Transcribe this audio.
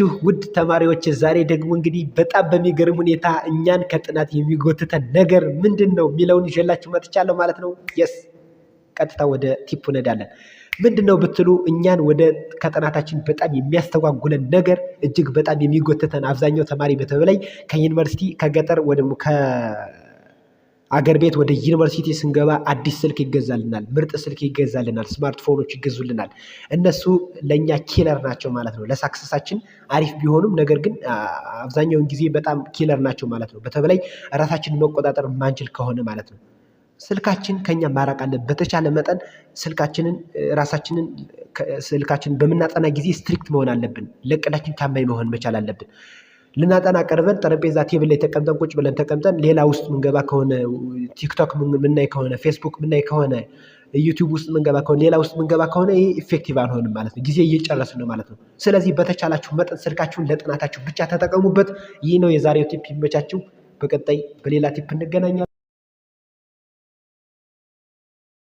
ናችሁ ውድ ተማሪዎች? ዛሬ ደግሞ እንግዲህ በጣም በሚገርም ሁኔታ እኛን ከጥናት የሚጎትተን ነገር ምንድን ነው የሚለውን ይዤላችሁ መጥቻለሁ ማለት ነው። የስ ቀጥታ ወደ ቲፕ እንሄዳለን። ምንድን ነው ብትሉ እኛን ወደ ከጥናታችን በጣም የሚያስተጓጉለን ነገር እጅግ በጣም የሚጎትተን አብዛኛው ተማሪ በተለይ ከዩኒቨርሲቲ ከገጠር ወደ አገር ቤት ወደ ዩኒቨርሲቲ ስንገባ አዲስ ስልክ ይገዛልናል፣ ምርጥ ስልክ ይገዛልናል፣ ስማርትፎኖች ይገዙልናል። እነሱ ለእኛ ኪለር ናቸው ማለት ነው። ለሳክሰሳችን አሪፍ ቢሆኑም ነገር ግን አብዛኛውን ጊዜ በጣም ኪለር ናቸው ማለት ነው። በተለይ ራሳችንን መቆጣጠር ማንችል ከሆነ ማለት ነው። ስልካችን ከኛ ማራቅ በተቻለ መጠን ስልካችንን ራሳችንን ስልካችንን በምናጠና ጊዜ ስትሪክት መሆን አለብን። ለእቅዳችን ታማኝ መሆን መቻል አለብን። ልናጠና ቀርበን ጠረጴዛ ቴብል ላይ ተቀምጠን ቁጭ ብለን ተቀምጠን ሌላ ውስጥ ምንገባ ከሆነ ቲክቶክ ምናይ ከሆነ ፌስቡክ ምናይ ከሆነ ዩቲዩብ ውስጥ ምንገባ ከሆነ ሌላ ውስጥ ምንገባ ከሆነ ይህ ኢፌክቲቭ አልሆንም ማለት ነው። ጊዜ እየጨረሱ ነው ማለት ነው። ስለዚህ በተቻላችሁ መጠን ስልካችሁን ለጥናታችሁ ብቻ ተጠቀሙበት። ይህ ነው የዛሬው ቲፕ። ይመቻችሁ። በቀጣይ በሌላ ቲፕ እንገናኛለን።